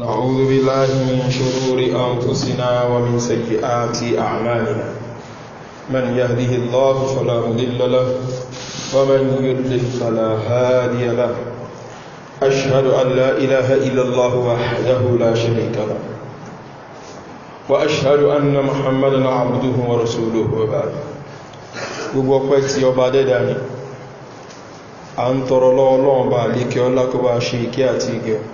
نعوذ بالله من شرور أنفسنا ومن سيئات أعمالنا من يهده الله فلا مضل له ومن يضلل فلا هادي له أشهد أن لا إله إلا الله وحده لا شريك له وأشهد أن محمدا عبده ورسوله وبعد gbogbo ọpẹ́ tí ọba dẹ́dà ni a ń tọrọ lọ́wọ́ lọ́wọ́ bá lékẹ́ ọlákọ́bá ṣe ìkẹ́ àti ìgẹ̀ẹ́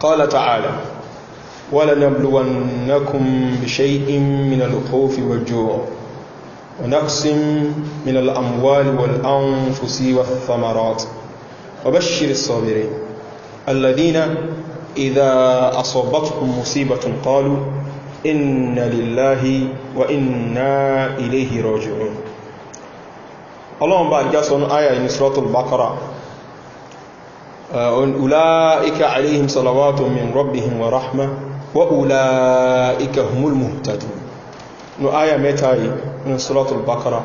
قال تعالى ولنبلونكم بشيء من الخوف والجوع ونقص من الأموال والأنفس والثمرات وبشر الصابرين الذين إذا أصابتهم مصيبة قالوا إن لله وإنا إليه راجعون اللهم بارك سنة آية من سورة البقرة أولئك عليهم صلوات من ربهم ورحمة وأولئك هم المهتدون نآية متاي من سورة البقرة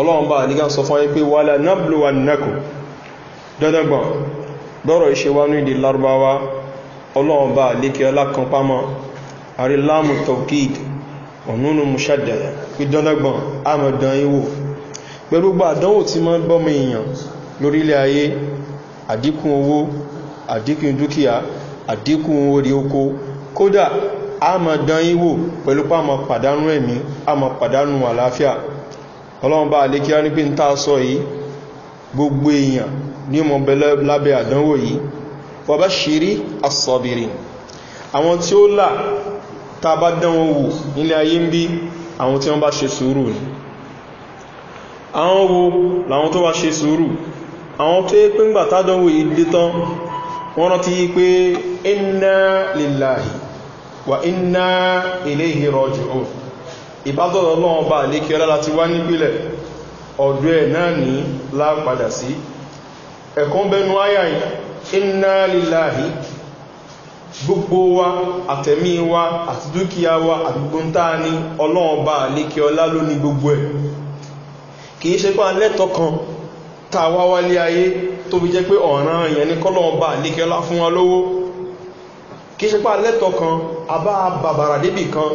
ọlọ́run bá àdígá sọ fún ẹgbẹ́ wà lá náblùwà nẹ́kù dandagbọn bọ́rọ̀ ìṣẹ́wánú ìdí larabawa ọlọ́run bá àdíkẹ́ ọlákan pámọ́ àrílámù tọ́kìd ọ̀núnú musadaya pí dandagbọn àmọ̀dán ìwò pẹ̀lú gbà àdánwò tí ma ń bọ́mọ èèyàn lórílẹ̀ ayé àdínkù owó àdínkù dúkìá àdínkù orí oko kódà a mọ̀ dán ìwò pẹ̀lú pa ma pàdánù ẹ̀mí a mọ̀ pàdánù àlàáfíà ọlọ́run bá lè kíra ní pé ń tá sọ yìí gbogbo èèyàn ní ọmọ bẹ̀lẹ̀ lábẹ́ àdánwò yìí bọ́bá ṣírí àsọ̀bìrì àwọn tí ó là tá a bá dánwò wò nílé ayé ń bí àwọn tí wọ́n bá ṣe sùúrù ni àwọn wo làwọn tó bá ṣe sùúrù àwọn tó yẹ pé ńgbà tádánwò ìdí tán wọ́n rántí pé iná lèláì wà iná ilé ìrọ̀jù ò ìbádọ́rọ̀ náà bá lè láti wá nípìlẹ̀ ọ̀dọ̀ ẹ̀ náà ní lápadà sí ẹ̀kún bẹnu ayà iná lèláì gbogbo tàwa wálé ayé tó fi jẹ́ pé ọ̀ràn èèyàn ní kọ́lọ̀ọ̀bà níkẹ́lá fún wọn lówó kí ṣe pà lẹ́tọ̀ kan àbá bàbàrà débì kan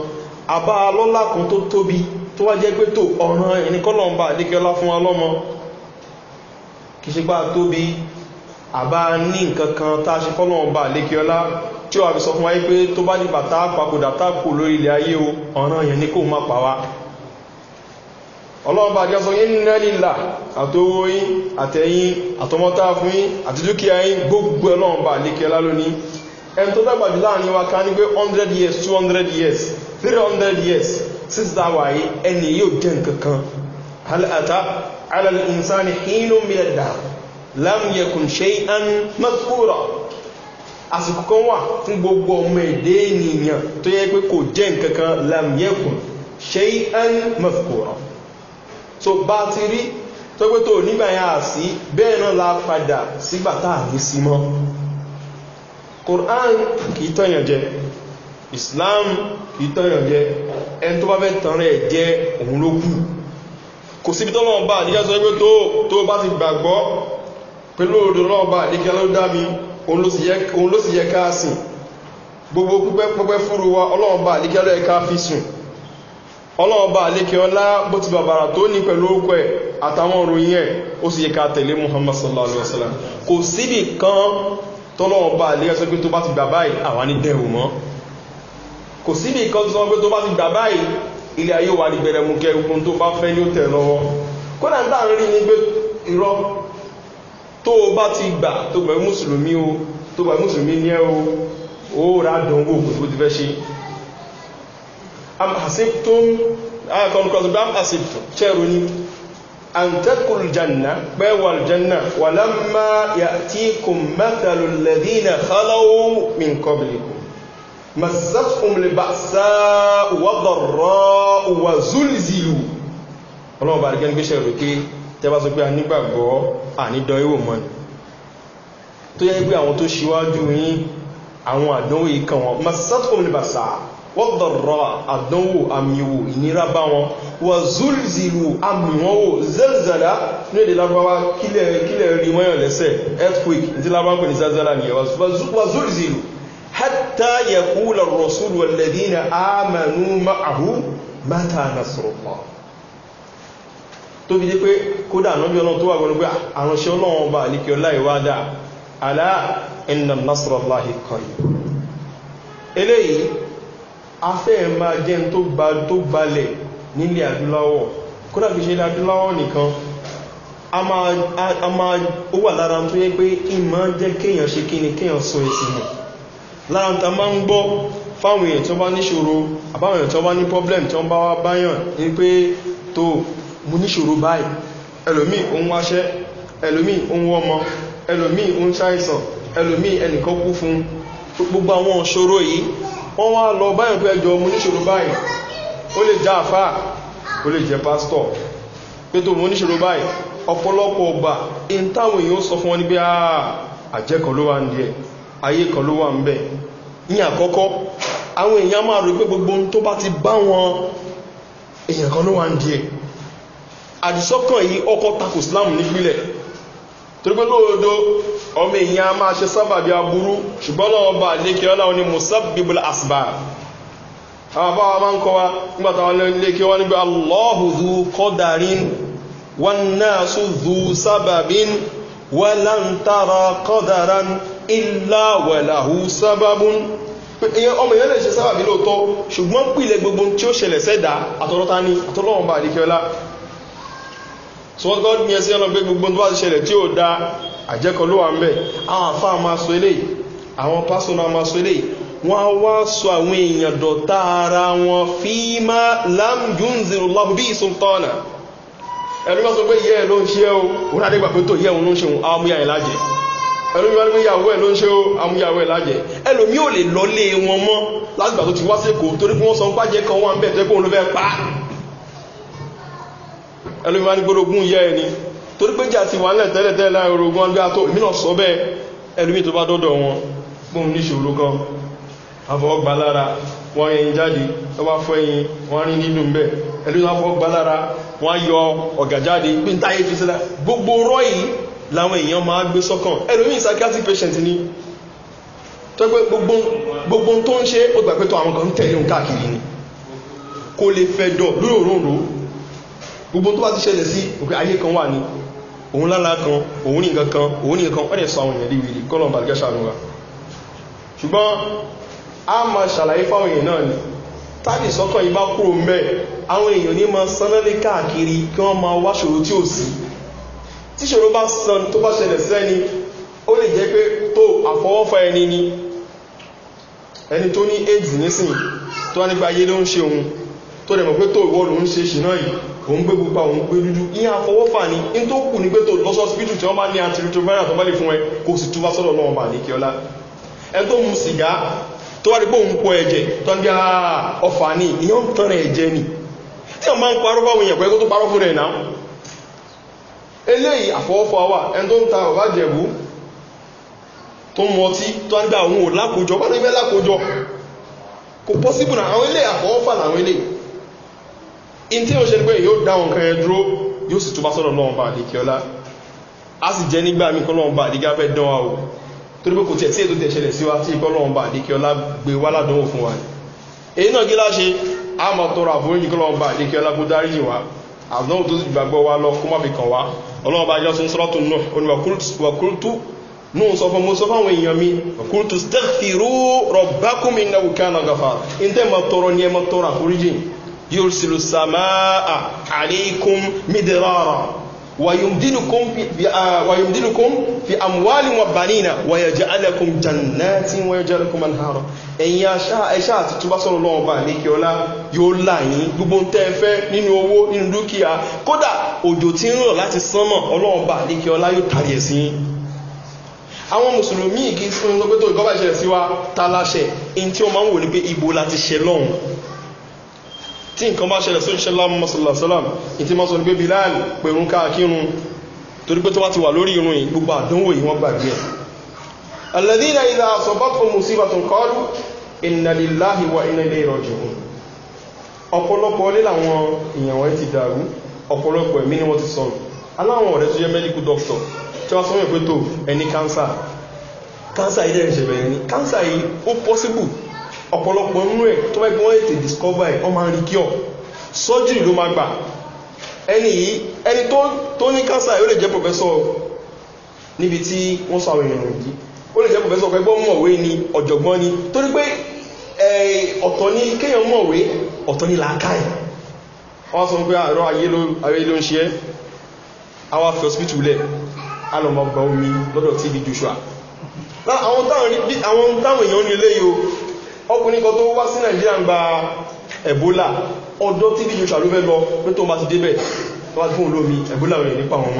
àbá lọ́lá kan tó tóbi tó wá jẹ́ pé tó ọ̀ràn èèyàn ní kọ́lọ̀ọ̀bà níkẹ́lá fún wọn lọ́mọ kí ṣe pà tóbi àbá ní nǹkan kan tá ọlọ́run bá jẹ́ sọ iná lílà àtòwò yí àtẹ̀yìn àtọmọ́ta fún yí àti dúkìá yí gbogbo ọlọ́run bá lè kẹ́lá lónìí ẹni tó dàgbà jù láàrin wa ká ní pé 100 years 200 years 300 years since that wà yí ẹni yóò jẹ́ nkankan halata alal insani hinu miyadda lam yakun shay'an mazkura àsìkò kan wà fún gbogbo ọmọ èdè ènìyàn tó yẹ pé kò jẹ́ nkankan lam yakun shay'an mazkura so bá ti rí tó pé tó nígbà yẹn àsí bẹ́ẹ̀ náà la padà sígbà tá ní sí mọ́ koran kìí tọ́yàn jẹ islam kìí tọ́yàn jẹ ẹni tó bá fẹ́ tán rẹ̀ jẹ́ òun ló kù kò síbi tó lọ́wọ́ bá àdíjá sọ pé tó tó bá ti gbàgbọ́ pẹ̀lú òdò lọ́wọ́ bá àdíjá ló dá mi òun ló sì yẹ ká gbogbo pípẹ́ fúru wa ọlọ́wọ́ bá àdíjá lọ́yẹ fi sùn ọlọ́ọ̀bá alékẹ́ ọlá bó ti bàbàrà tó ní pẹ̀lú ókọ ẹ̀ àtàwọn òròyìn ẹ̀ ó sì yẹ ká tẹ̀lé muhammad sallallahu alaihi wasallam kò síbì kan tọ́lọ́ọ̀bá alékẹ́ sọ pé tó bá ti gbà báyìí àwa ní dẹ̀rù mọ́ kò síbì kan tó sọ pé tó bá ti gbà báyìí ilé ayé wà ní gbẹ̀rẹ̀ mú kẹ ogun tó bá fẹ́ ní ó tẹ̀ am hasibtum ah, am hasibtum ṣẹ́rù ní an takul janna pẹ́wàl janna wà lámà yà tí kùn mẹ́tàlù lẹ́dínà halawo min kọbìlìkù masafun lè bá sá wọ́dọ̀rọ̀ wà zulzilu ọlọ́wọ́ bá rí gẹ́ gbéṣẹ̀rù ké tẹ́bá sọ pé a nígbàgbọ́ ànídọ́ ìwò mọ́ni tó yẹ́ pé àwọn tó ṣíwájú yí àwọn àdánwò ìkan wọn masafun lè bá sáà wọ́n dọ̀rọ̀ àdánwò àmìwò ìnira bá wọn wà zúrìzìlù àmì wọn wò zẹ́zẹ̀lá ní èdè lábáwá kílẹ̀ rí mọ́yàn lẹ́sẹ̀ earthquake ní lábáwá pè ní zẹ́zẹ̀lá ni wà zúrìzìlù hátà yẹ̀kú lọ́rọ̀ sórí wàlẹ́dínà àmànú máàhù mátà nasọ̀rọ̀pọ̀ tó fi jẹ́ pé kódà ànábí ọlọ́run tó wà gbọ́nà pé àránṣẹ́ ọlọ́run ọba àlíkẹ́ ọláìwádà alá ẹ̀nà nasọ̀rọ̀láhì kọ̀yí eléyìí afẹ́ ma jẹ́ tó gba tó gbalẹ̀ nílé àdúláwọ̀ kódà fi ṣe àdúláwọ̀ nìkan a máa ó wà lára tó yẹ pé ìmọ̀ jẹ́ kéèyàn ṣe kíni kéèyàn sọ ẹ̀sìn mọ̀ lára ta máa ń gbọ́ fáwọn èèyàn tó bá níṣòro àbáwọn èèyàn tó bá ní problem tó bá wá báyàn ní pé tó mú níṣòro báyìí ẹlòmí òun wáṣẹ́ ẹlòmí òun wọ́mọ ẹlòmí òun ṣàìsàn ẹlòmí ẹnìkan kú fún gbogbo àwọn ṣòro yìí wọ́n wá lọ báyàn pé ẹjọ́ mo níṣòro báyìí ó lè já àfá ó lè jẹ Pastor, pé tó mo níṣòro báyìí ọ̀pọ̀lọpọ̀ ọgbà in táwọn èèyàn sọ fún wọn ní pé àjẹ́ kan ló wà ń díẹ̀ ayé kan ló wà ń bẹ̀ ní àkọ́kọ́ àwọn èèyàn máa rí pé gbogbo tó bá ti bá wọn èèyàn kan ló wà ń díẹ̀ àdìsọ́kàn yìí ọkọ̀ takò islam nípìnlẹ̀ torípé lóòdó ọmọ èèyàn a máa ṣe sábàbí aburú ṣùgbọ́n náà ọba lékè ọ́nà òní musabbibul asba àwọn bá wa máa ń kọ́ wa nígbà táwọn lékè wọ́n nígbà allahu zu kọ́darin wọn náà su zu sábàbin wọn láǹtara kọ́daran ilá wẹ̀láhù sábàbun ọmọ èèyàn lè ṣe sábàbí lóòótọ́ ṣùgbọ́n pìlẹ̀ gbogbo tí ó ṣẹlẹ̀ sẹ́dá àtọ́rọ́ta ní àtọ́lọ́wọ́n bá lékè ọlá so wọ́n kọ́ ní ẹsẹ̀ gbogbo tó bá ṣẹlẹ̀ tí ó dáa àjẹkọ ló wà ń bẹ̀ àwọn àfa máa sọ eléyìí àwọn pásọ̀nà máa sọ eléyìí wọ́n á wá sọ àwọn èèyàn dọ̀tá ara wọn fíìmá lámjúnzìrò lọ́hùn bí ìsúntọ́nà ẹ̀rú bá sọ pé yẹ́ ẹ̀ ló ń ṣe ó wọ́n á dé gbà pé tó yẹ́ òun ló ń ṣe òun àmúyà ẹ̀ lájẹ̀ ẹ̀rú bá ní torí pé jà ti wà lẹ̀ tẹ́lẹ̀ tẹ́lẹ̀ láàrin orogun ọgbẹ́ àtọ́ ìmìnà sọ bẹ́ẹ̀ ẹlùmí tó bá dọ́dọ̀ wọn fún níṣòro kan àfọwọ́gbà lára wọ́n yẹn jáde tó bá fọ́ ẹyin wọ́n rí nínú ń bẹ̀ ẹlú lára wọ́n yọ ọ̀gà jáde pé ń táyé fi sílẹ̀ gbogbo rọ́yìn làwọn èèyàn máa gbé sọ́kàn ẹlùmí psychiatric patient ni tó pé gbogbo tó ń ṣe ó gbà pé tó àwọn kan ń tẹ̀lé òun káàkiri ni kó lè fẹ́ dọ̀ lóòrùn gbogbo tó bá ti ṣẹlẹ̀ sí òkè ayé kan wà ní òun lálá kan òun ní nǹkan òun ní nǹkan wọ́n dẹ̀ sọ àwọn èèyàn dé wìlì kọ́lọ̀ bàlùkẹ́ ṣàlùwà ṣùgbọ́n a ma ṣàlàyé fáwọn èèyàn náà ni tàbí sọ́kàn ibá kúrò mẹ́ àwọn èèyàn ní ma sánlẹ́lẹ́ káàkiri kí wọ́n ma wá ṣòro tí ò sí tí ṣòro bá san tó bá ṣẹlẹ̀ sẹ́ni ó lè jẹ́ pé tó àfọwọ́fà ẹni ni ẹni tó ní aids nísìn tó wá nípa ayé ló ń ṣe òun tó dẹ̀ pé tó ìwọ́ ló ń ṣe ṣì náà yìí òun gbé gbogbo òun gbé dúdú ìyẹn àfọwọ́fà ni in tó kù ní tí wọ́n bá ní antiretroviral tó bá lè fún ẹ kó sì túbá sọ́dọ̀ náà bà ní kíọ́lá ẹ tó mu sìgá tó wá rí pé òun pọ ẹ̀jẹ̀ tó ń bí ah, ẹ̀jẹ̀ ni tí wọ́n máa ń parọ́ tó parọ́ fún rẹ̀ náà eléyìí ẹ tó ń ta ọ̀bá jẹ̀bú tó tó ń òun ò bá kò náà in tí ó ṣe pé yóò dá nǹkan ẹ dúró yóò sì túbá sọ́dọ̀ lọ́wọ́n bá àdíkẹ́ ọlá a sì jẹ́ nígbà mí kọ́lọ́wọ́n bá àdíkẹ́ fẹ́ dán wa o torí pé kò tí ẹ̀ tí ètò tẹ̀ ṣẹlẹ̀ sí wa tí kọ́lọ́wọ́n bá àdíkẹ́ ọlá gbé wá ládánwò fún wa èyí náà gílá ṣe a mọ̀ tọrọ àforíjì kọ́lọ́wọ́n bá bá jọ mi kúrútù stẹ́fìrú rọ̀bákùnmí náà kí á náà gàfà ní tẹ́ mọ̀ tọrọ ní yursilu samaa aleikum midirara wàyùmdínukún fi àmúwálì wọn bà nínà wàyàjá alẹ́kùn jannatin wàyàjá alẹ́kùn manhara ẹ̀yìn ẹ̀ṣà àti túbá sọ́rọ̀ lọ́wọ́ bá ní kí ọlá yóò láyín gbogbo tẹ́ fẹ́ nínú owó nínú dúkìá kódà òjò tí ń rọ̀ láti sánmọ̀ ọlọ́wọ́ bá ní kí tí nǹkan bá ṣẹlẹ̀ sóṣìṣẹ́ lámọ́sọ̀lọ́sọ́lám ìtí máa sọ ní pé bilal pẹ̀rún káàkírun torí pé tó wá ti wà lórí irun yìí gbogbo àdánwò yìí wọ́n gbàgbé ẹ̀ alẹ́dínà ìlà àsọ̀bọ́tò mùsíbà tó ń kọ́lù ìnàlélàhì wa ìnàlé ìrọ̀jùn ọ̀pọ̀lọpọ̀ ọlé làwọn èèyàn wọ́n ti dàrú ọ̀pọ̀lọpọ̀ ẹ̀mí ni wọ́n ti sọ̀rọ̀ aláwọn ọ̀rẹ́ tó jẹ́ medical ọ̀pọ̀lọpọ̀ inú ẹ̀ tó bá gbọ́n ètè discover ẹ̀ wọ́n máa rí kíọ̀ surgery ló máa gbà ẹni yìí ẹni tó ní cancer ó lè jẹ́ professor níbi tí wọ́n sọ àwọn èèyàn yìí ó lè jẹ́ professor pẹ́gbọ́n mọ̀wé ni ọ̀jọ̀gbọ́n ni torí pé ọ̀tọ̀ ni kéèyàn mọ̀wé ọ̀tọ̀ ni làákàyè wọ́n sọ pé àrọ ayé ló ń ṣe àwọn afẹ́ hospital lẹ̀ alọ́mọgbà omi lọ́dọ̀ tv joshua láwọn táwọn èèyàn ní ilé yìí ọkùnrin kan tó wá sí nàìjíríà ń gba ẹ̀bólà ọdọ́ tí bíjọ ṣàlú fẹ́ lọ pé tó máa ti débẹ̀ tó máa fún olómi ẹ̀bólà rẹ̀ nípa wọn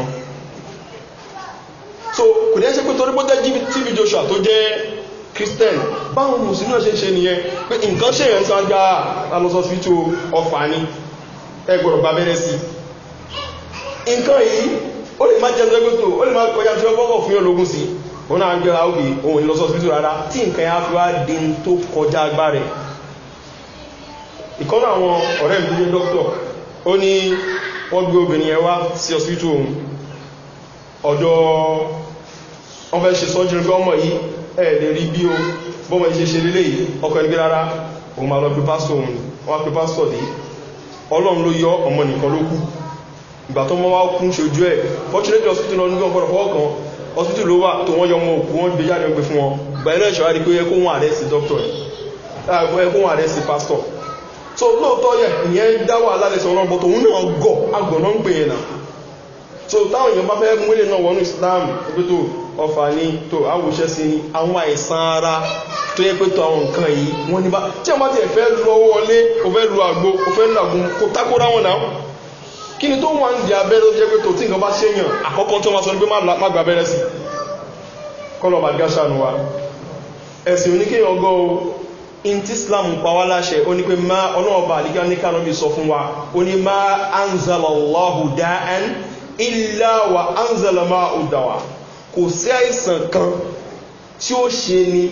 so kò dẹ́ ṣe pé torí pọ́tẹ́ tí bíjọ ṣà tó jẹ́ christian báwọn mùsùlùmí náà ṣe ń ṣe nìyẹn pé nǹkan ṣe yẹn sáà gba alọ́sọ́sítò ọfà ni ẹgbọ̀rọ̀ bá bẹ́rẹ̀ sí nǹkan yìí ó lè má jẹ́ ẹgbẹ́ tó ó lè má kọjá tí wọ́n fún yọ sí òun náà jẹ́ àwòdì ohun ìlọsọ́síbítù rárá tí nǹkan ya fi wá di tó kọjá agbára ìkọ́nà àwọn ọ̀rẹ́ mi jẹ́ dókítọ̀ ó ní wọ́n gbé obìnrin ẹwà sí ọ̀síbítù ohun ọ̀dọ̀ wọ́n fẹ́ ṣe sọ́jú pé ọmọ yìí ẹ̀ lè rí bí o bọ́mọ̀ ìṣe ṣe lélẹ̀ yìí ọkọ̀ ẹgbẹ́ rárá òun ọsítù ló wà tó wọ́n yọ ọmọ òkú wọ́n gbé jáde ọgbẹ̀ fún wọn gbẹ̀rẹ̀ náà ṣọ́wárí pé ẹkún wọn àrẹ́sì dọ́kítọ̀ ẹkún wọn àrẹ́sì pásítọ̀ so lóòótọ́ yẹ ìyẹn dá wà lálẹ́sọ̀ ọlọ́run bọ́ tòun náà gọ̀ agbọ̀nà ń pè é náà so táwọn èèyàn bá fẹ́ múlẹ̀ náà wọnú islam pé tó ọfà ni tó àwòṣẹ́ sí ni àwọn àìsàn ara tó yẹ pé tó àwọn nǹkan yìí wọ́n ní bá tí àwọn bá tiẹ̀ fẹ́ lọ wọlé o fẹ́ lu àgbo o fẹ́ lu àgbo kò tákó ráwọn náà kí ni tó wà ń di abẹ́rẹ́ tó jẹ́ pé tó tí nǹkan bá ṣéyàn àkọ́kọ́ tó máa sọ ní pé má gba abẹ́rẹ́ sí kọ́lọ̀ madagascar nù wa ẹ̀sìn oníkè ọgọ́ o in ti islam pa wá láṣẹ ó ní pé má ọlọ́ọ̀bà àdíkà ní kánọ́bì sọ fún wa ó ní má anzalallahu da'an illa wa anzalama udawa kò sí àìsàn kan tí ó ṣe ni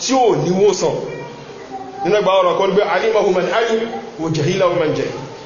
tí ó níwòsàn nínú ẹgbàá ọ̀rọ̀ kan ní pé alimahu man alim wò jẹ́hílà man jẹ́hílà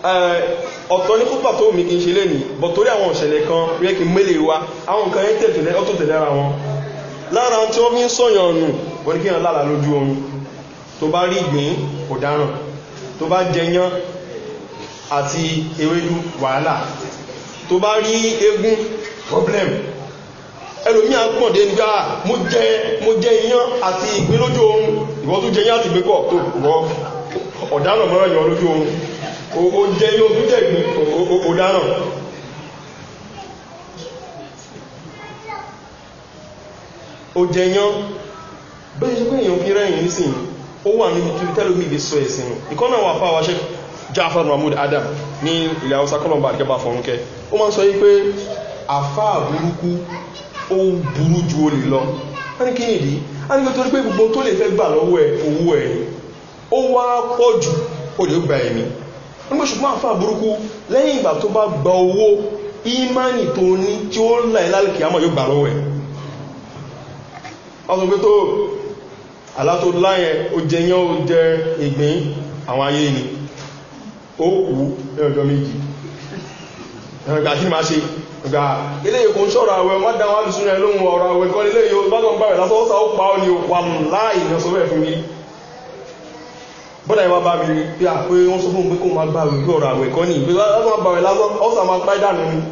Eh, ọ̀tọ̀ ní kúpà tó mi kí n ṣe lè ní bọ̀ torí àwọn òṣèlẹ̀ kan rẹ́ kí mẹ́lẹ̀ wa àwọn nǹkan yẹn tẹ̀tẹ̀lẹ́ ọ̀tọ̀ tẹ̀lẹ́ ara wọn lára tí wọ́n fi ń sọ̀yàn ọ̀nù wọ́n ní kí yàn lára lójú oorun tó bá rí ìgbín kò tó bá jẹyán àti ewédú wàhálà tó bá rí egún problem ẹlòmí àpọ̀dé nígbà ah, mo jẹ mo jẹ iyán àti ìgbín lójú oorun ìwọ́n tó jẹyán àti ìgbín pọ̀ tó rọ ọ̀dáràn mọ́ràn o jẹ́ yóò o dáràn o jẹ yán bẹ́ẹ̀ ṣe pé fi rẹ̀yìn nísìnyí ó wà níbi tí tẹ́lómi lè sọ ẹ̀sìn ìkọ́nà wà fáwà ṣe jáfà Mahmud adam ní ilẹ̀ haúsá kọlọmbà àkẹ́bà fọ̀rúnkẹ́ ó máa ń sọ yí pé àfá burúkú ó burú ju olè lọ A ní kí a ní torí pé gbogbo tó lè fẹ́ gbà lọ́wọ́ ẹ̀ owó ẹ̀ ó wá pọ̀ ju olè ó gba nígbà ṣùgbọ́n àfà burúkú lẹ́yìn ìgbà tó bá gba owó ìmánì tó ní tí ó láì lálùkì àmọ́ yóò gbà lọ́wọ́ ẹ̀ ọdún pé tó àlá tó láyẹ ó jẹyàn ó jẹ ìgbín àwọn ayé ni ó kú ẹ̀ọ̀dọ́ méjì ẹ̀rọ̀gbà kí máa ṣe gbà bọ́dà yẹn wá bá mi pé à pé wọ́n sọ fún mi pé kó máa gbà wí pé ọ̀rọ̀ àwẹ̀ kọ́ ni pé wọ́n máa gbà wẹ̀ lásán ọ̀sán máa pẹ́ dànù ni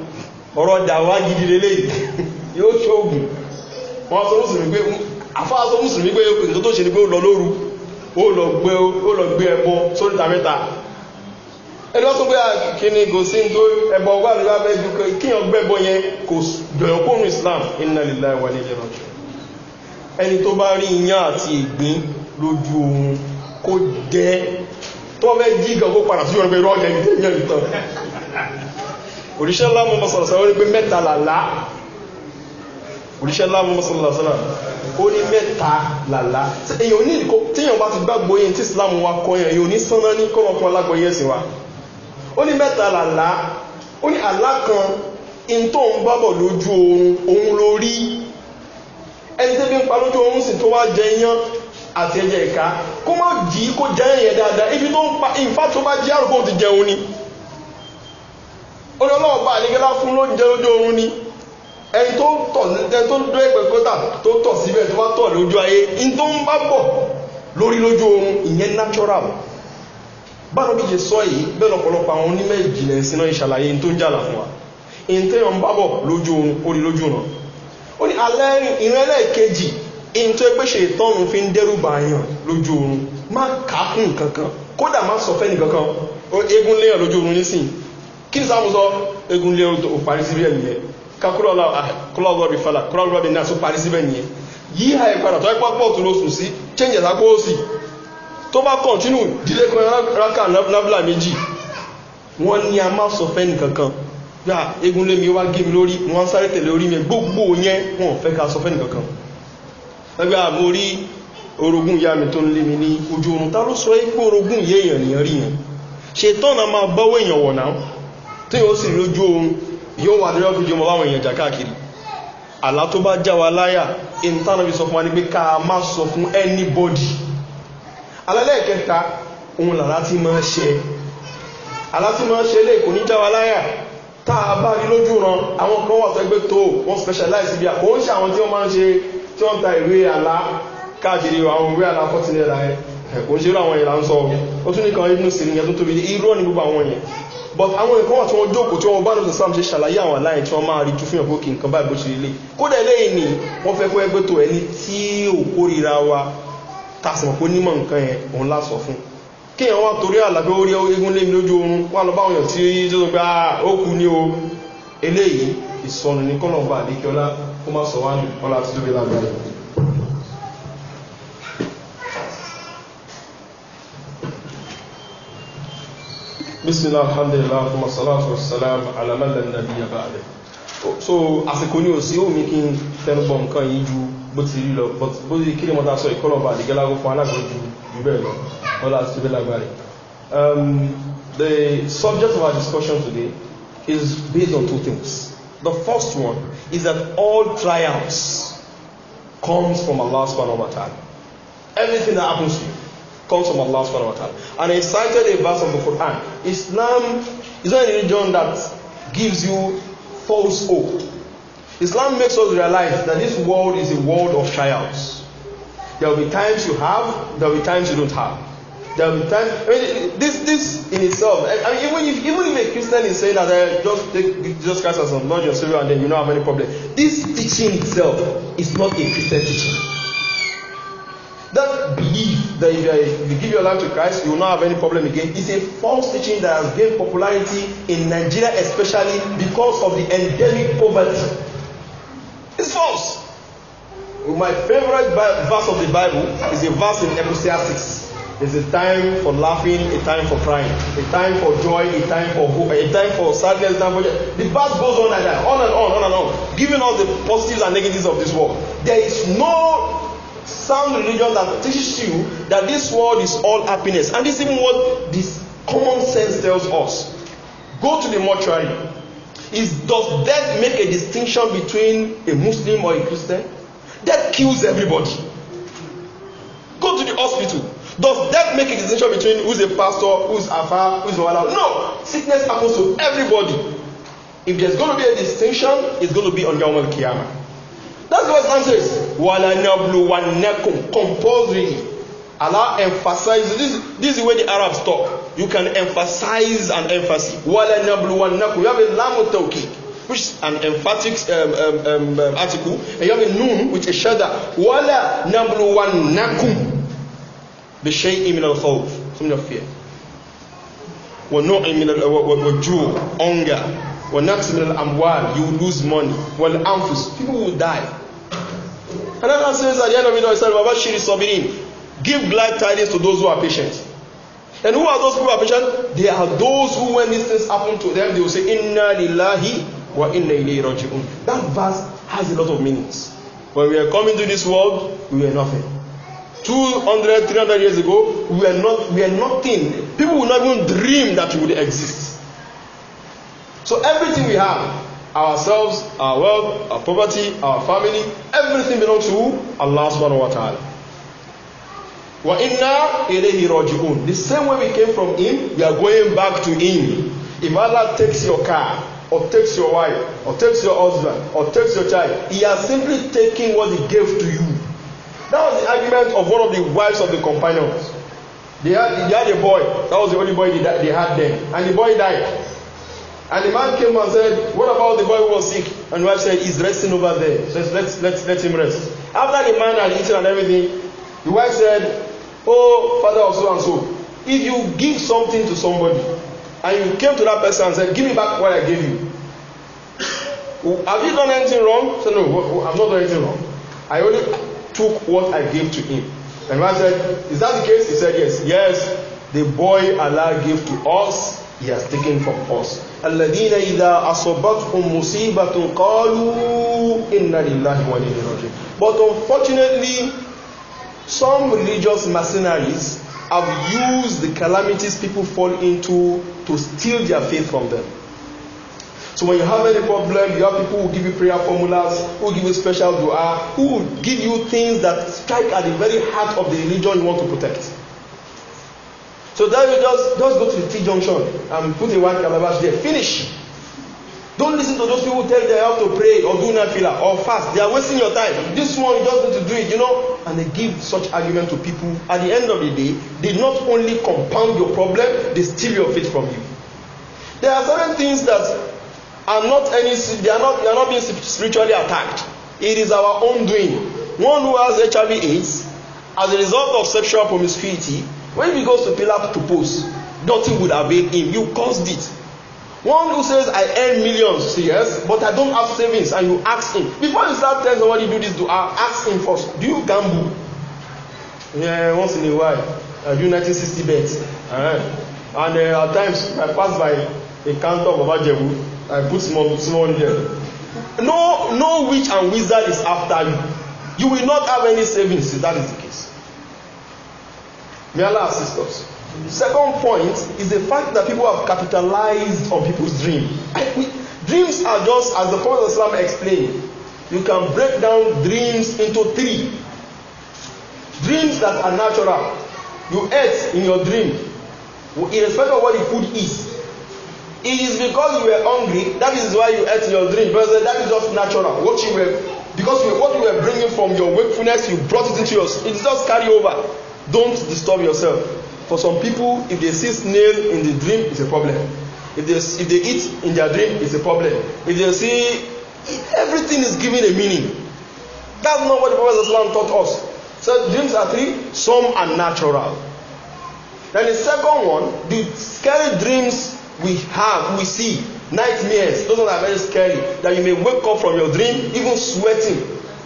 ọ̀rọ̀ ọjà wá gidi lélẹ̀ yóò ṣoògùn wọ́n sọ mùsùlùmí pé àfa sọ mùsùlùmí pé nǹkan tó ṣe ni pé ó lọ lóru ó lọ gbé ó lọ gbé ẹbọ sórí tàmẹ́ta ẹni wọ́n tún pé kíni kò sí tó ẹbọ wà ní wàá fẹ́ ju kíyàn gbẹ́bọ yẹn kò dọ̀yàn islam iná lílá ìwà nílẹ̀ rọ̀jù ẹni tó bá rí iyán àti ìgbín lójú oorun kó jẹ́ tó fẹ́ jí gan kó padà sí ọ̀rọ̀ pé rọ́ọ̀lẹ̀ ní tẹ́lẹ̀ nìkan òdíṣẹ́ láàmú mọ́sàlásà ó ní pé mẹ́ta làlá òdíṣẹ́ láàmú mọ́sàlásà ó ní mẹ́ta làlá èyàn ní ìkó tíyàn bá ti gbàgbọ́ yẹn tí islam wa kọ yẹn èyàn ní sánmọ́ ní kọ́lọ́kọ́ alágbọ́ yẹn sí wa ó ní mẹ́ta làlá ó ní àlá kan in tó ń bábọ̀ lójú oorun òun lórí ẹni tẹ́bí ń pa lójú oorun sì tó wá jẹ yán àti ẹ̀jẹ̀ ìka kó má jí kó jẹ́ ẹ̀yẹ dáadáa ibi tó ń pa ìfá tó bá jí àrùkò ti jẹun ni orí ọlọ́wọ́ bá àníkẹ́lá fún ló ń jẹ lójú oorun ni ẹni tó tọ̀ ẹni tó dọ́ ẹ̀pẹ̀ kọ́tà tó tọ̀ síbẹ̀ tó bá tọ̀ lójú ayé ní tó ń bá bọ̀ lórí lójú oorun ìyẹn natural báwọn bí ṣe sọ yìí bẹ́ẹ̀ lọ́pọ̀lọpọ̀ àwọn onímọ̀ ìjìnlẹ̀ síná ìṣàlàyé tó ń jàlà fún wa èyí tẹ́yàn ń bábọ̀ lójú oorun orí lójú ràn ó ní alẹ́ ìrẹ́lẹ̀ kejì in tó pé ṣe ìtọ́nù fi ń dẹ́rùbà yàn lójú oorun má kankan kódà má sọ fẹ́ni kankan egun léyàn lójú oorun nísìn kí ni sáàmù sọ egun léyàn ò parí síbí nìyẹn ká kúlọ̀ ah, rọ̀bì falà kúlọ̀ rọ̀bì náà tó parí síbẹ̀ nìyẹn yíha ìpadà tó ẹ pápọ̀ tó ló sùn sí change ẹ̀sà kó tó bá a má sọ lẹ́gbẹ́ àmórí orogun ìyá mi tó ń lé mi ní ojú oorun ta ló sọ ipò orogún yéèyàn nìyàn rí yàn ṣe tọ́nà máa bọ́wọ́ èèyàn wọ̀nà tí ó sì lójú oorun yóò wà lórí ọkùnrin jọmọ báwọn èèyàn jà káàkiri àlá tó bá já wa láyà ìntánàbí bá rí lójú ran àwọn kan wà tó tó wọ́n specialize bí i àkóńṣe àwọn tí wọ́n máa ń ṣe tí wọ́n ta ìwé àlá káàkiri àwọn ìwé àlá fọ́tí lẹ́la ẹ̀ kò ń ṣe irú àwọn ìlà ń sọ ó tún nìkan inú sí nìyẹn tó tóbi irú ní gbogbo àwọn yẹn but àwọn nǹkan wà tí wọ́n jókòó tí wọ́n bá lọ́sọ̀ sáà ṣe ṣàlàyé àwọn aláìní tí wọ́n máa rí ju fún ìyànfó kí nǹkan báyìí bó ṣe lè kódà lẹ́yìn ni wọ́n fẹ́ fún ẹgbẹ́ tó ẹni tí ò kórira wa tàṣìmọ̀ pé onímọ̀ nǹkan yẹn òun lásọ fún kí èèyàn wá torí àlàbẹ́ orí egun lémi lójú oorun wà lọ báwọn èèyàn tí ó sọ pé ah, ó kú ní o eléyìí ìsọnù ní kọ́nà ọba àdékọ́lá kó má sọ wá ní ọlá àti tóbi lágbára bismillah alhamdulillah kuma salatu wassalam ala man la nabiyya so àsìkò ni o si o mi kin ten bo nǹkan yìí ju but bó ti kiri so ikolo ba de galago fún alago ju ju bẹ́ẹ̀ lọ ola um, the subject of our discussion today is based on two things The first one is that all triumphs comes from Allah subhanahu wa ta'ala. Everything that happens to you comes from Allah subhanahu wa ta'ala. And I cited a verse of the Quran. Islam is not a religion that gives you false hope. Islam makes us realize that this world is a world of trials. There will be times you have, there will be times you don't have there will be times I mean this this in itself I mean even if even if a Christian is saying that I eh, just take Jesus Christ as Lord your saviour and then you no have any problem this teaching itself is not a Christian teaching that belief that if you, are, if you give your life to Christ you will not have any problem again is a false teaching that has gained popularity in Nigeria especially because of the endemic poverty it's false my favorite verse of the Bible is a verse in Ecclesiastes There's a time for laughing, a time for crying, a time for joy, a time for hope, a time for sadness, a time for joy. The past goes on like that, on and on, on and on, giving us the positives and negatives of this world. There is no sound religion that teaches you that this world is all happiness. And this is even what this common sense tells us. Go to the mortuary. Is does death make a distinction between a Muslim or a Christian? Death kills everybody. Go to the hospital. Does that make a distinction between who's a pastor, who's afa, who's wala? No. Sickness happens to everybody. If there's going to be a distinction, it's going to be on Yom Al Qiyamah. That's what Islam says. Wala nablu wa nekum compulsory. Allah emphasize. this. This is where the Arabs talk. You can emphasize and emphasize. Wala nablu wa nekum. You have a lamu tawkid which is an emphatic um, um, um, um, article, and you have a noon with a shada. Wala nabluwannakum. بشيء من الخوف something of fear ونوع من الجوع hunger ونقص من الأموال you will lose money والأنفس people will die and Allah says at the end of it all he said وَبَشِّرِ الصَّابِرِينَ give glad tidings to those who are patient and who are those people who are patient they are those who when these things happen to them they will say Inna Lillahi wa Inna إِلَيْهِ رَجِعُونَ that verse has a lot of meanings when we are coming to this world we are nothing 200 300 years ago we were not we were nothing people would not even dream that we would exist so everything we have ourselves our wealth our property, our family everything belongs to allah subhanahu wa ta'ala wa inna ilayhi raji'un the same way we came from him we are going back to him if allah takes your car or takes your wife or takes your husband or takes your child he has simply taken what he gave to you That was the argument of one of the wives of the companions. They had, they had a boy. That was the only boy they, they had then. And the boy died. And the man came and said, What about the boy who was sick? And the wife said, He's resting over there. Let's, let's, let's let him rest. After the man had eaten and everything, the wife said, Oh, father of so and so, if you give something to somebody and you came to that person and said, Give me back what I gave you, have you done anything wrong? He said, No, I'm not doing anything wrong. I only took what I gave to him. And man said, Is that the case? He said, Yes. Yes, the boy Allah gave to us, he has taken from us. الذين إذا أصابتهم مصيبة قالوا إنا لله وإنا إليه But unfortunately, some religious mercenaries have used the calamities people fall into to steal their faith from them. So when you have any problem, you have people who give you prayer formulas, who give you special dua, who give you things that strike at the very heart of the religion you want to protect. So then you just just go to the T junction and put a white calabash there. Finish. Don't listen to those people who tell you they have to pray or do nafila or fast. They are wasting your time. This one you just need to do it, you know. And they give such argument to people. At the end of the day, they not only compound your problem, they steal your faith from you. There are certain things that and not any they are not they are not being spiritually attacked it is our own doing one who has hiv aids as a result of sexual promiscuity when he goes to pillar to post nothing would avail him you caused it one who says i earn millions yes but i don't have savings and you ask him before you start telling somebody do this do ah ask him first do you gamble yeah once in a while i do 1960 sixty bet and uh, at times i pass by a canto of Babajewu and put small small there. No no witch and wizard is after you. You will not have any savings if that is the case. May Allah assist us. Second point is the fact that people have capitalized on people's dream. dreams are just as the Prophet Islam explained. You can break down dreams into three. Dreams that are natural. You ate in your dream, irrespective of what the food is it is because you were hungry that is why you ate your drink but that is just natural what you were because you, what you were bringing from your wakefulness you brought it into your it just carry over don't disturb yourself for some people if they see snail in the dream it's a problem if they if they eat in their dream it's a problem if they see everything is giving a meaning that's not what the prophet islam taught us so dreams are three some are natural then the second one the scary dreams we have we see nightmares those ones are very scary that you may wake up from your dream even sweating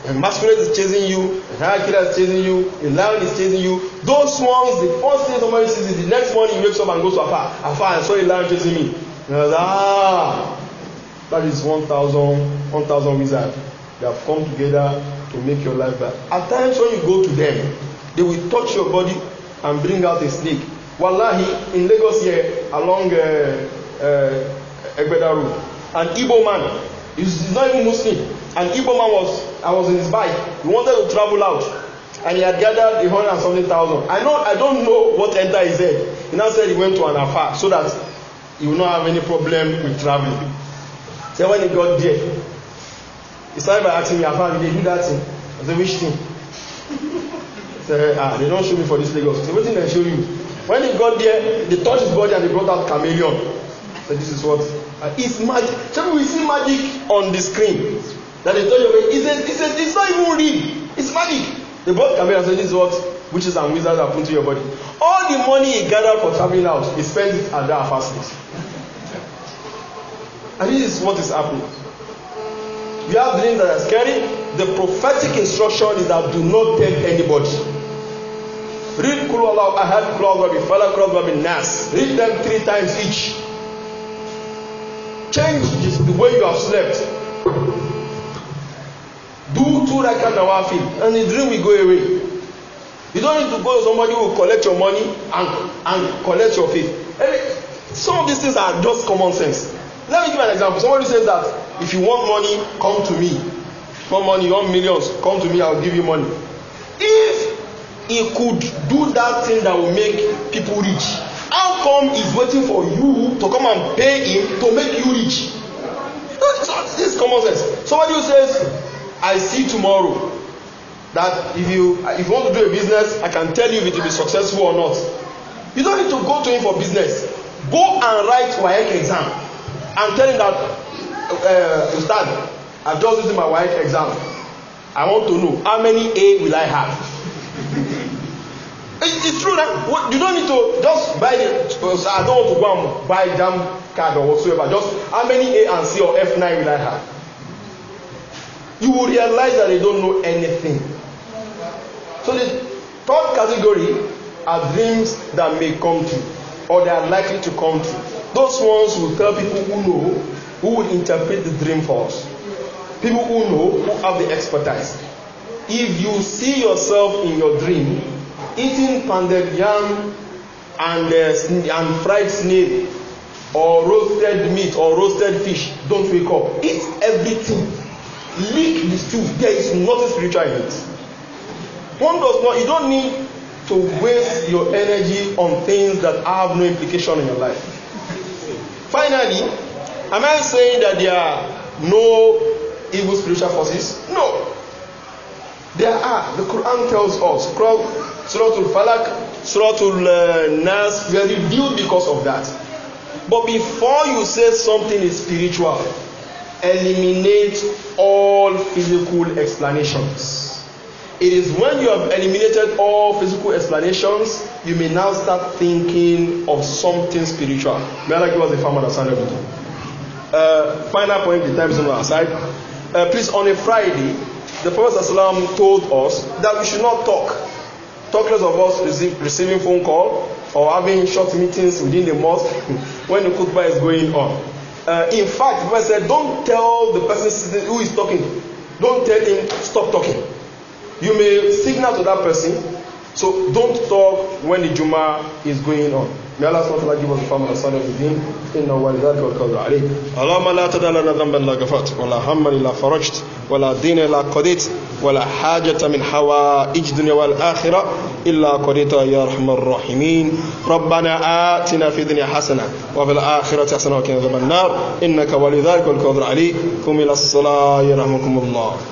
and masquerade is chasing you and hierarchy is chasing you a lion is chasing you those ones the first thing somebody sees is the next morning he wakes up and goes to afar afar I saw a lion chasing me and i was ah that is one thousand one thousand wizard they have come together to make your life better at times when you go to them they will touch your body and bring out a snake Wallahi, in Lagos here, along uh, uh, Egbeda Road, an Igbo man, he's not even Muslim, an Igbo man was, I was in his bike, he wanted to travel out, and he had gathered a hundred and something thousand. I, know, I don't know what entered his head. He now said he went to an afar so that he will not have any problem with traveling. So when he got there, he started by asking me, Afar, did they do that thing? I said, which thing? He said, ah, they don't show me for this Lagos. I what did they show you? When he got there, they touched his body and they brought out chameleon. So this is what uh, it's magic. So we see magic on the screen. That they told you, it's, a, it's, a, it's not even real. It's magic. They brought chameleon So this is what witches and wizards have put to your body. All the money he gathered for traveling out, he spent it at that fasting. And this is what is happening. You have dreams that are scary. The prophetic instruction is that do not tell anybody. Read Kul Wallahu Ahad, Kul Wallahu Falak, Kul Wallahu Nas. Read them three times each. Change the way you have slept. Do two rakah nawafil and the dream will go away. You don't need to go to somebody who will collect your money and, and collect your faith. Some of these things are just common sense. Let me give an example. Somebody says that if you want money, come to me. If you want money, you want millions, come to me, I'll give you money. If he could do that thing that will make people rich how come he's waiting for you to come and pay him to make you rich this is common sense somebody who says i see tomorrow that if you if you want to do a business i can tell you if it will be successful or not you don't need to go to him for business go and write waec exam and tell him that uh, ustad i just used my waec exam i want to know how many a will i have It, it's true that you don't need to just buy it. I don't want to go and buy damn card or whatsoever. Just how many A and C or f nine will I have? You will realize that they don't know anything. So the third category are dreams that may come true or they are likely to come true. Those ones will tell people who know who will interpret the dream for us. People who know who have the expertise. If you see yourself in your dream, eating pounded yam and, uh, and fried snail or roasted meat or roasted fish don't wake up eat everything lick the stew there is nothing spiritual in it one does not you don't need to waste your energy on things that have no implication in your life finally am i saying that there are no evil spiritual forces no there are the quran tells us Suratul Falak, Suratul uh, Nas, we are revealed because of that. But before you say something is spiritual, eliminate all physical explanations. It is when you have eliminated all physical explanations, you may now start thinking of something spiritual. May Allah give us a firm understanding of Uh, final point, the time is on our side. Uh, please, on a Friday, the Prophet ﷺ told us that we should not talk talkless of us receive, receiving phone call or having short meetings within the mosque when the khutbah is going on. Uh, in fact, the person said, don't tell the person who is talking. Don't tell him, stop talking. You may signal to that person, so don't talk when the Juma is going on. ما لا صوت لك بالفم الصالح الدين إن والذات والكذب عليه اللهم لا تدع لنا ذنبا لا غفرت ولا هم لا فرجت ولا دين لا قضيت ولا حاجة من حوائج الدنيا والآخرة إلا قضيتها يا أرحم الراحمين ربنا آتنا في الدنيا حسنة وفي الآخرة حسنة وكنا ذنب النار إنك ولذلك والكذب عليه كم إلى الصلاة يرحمكم الله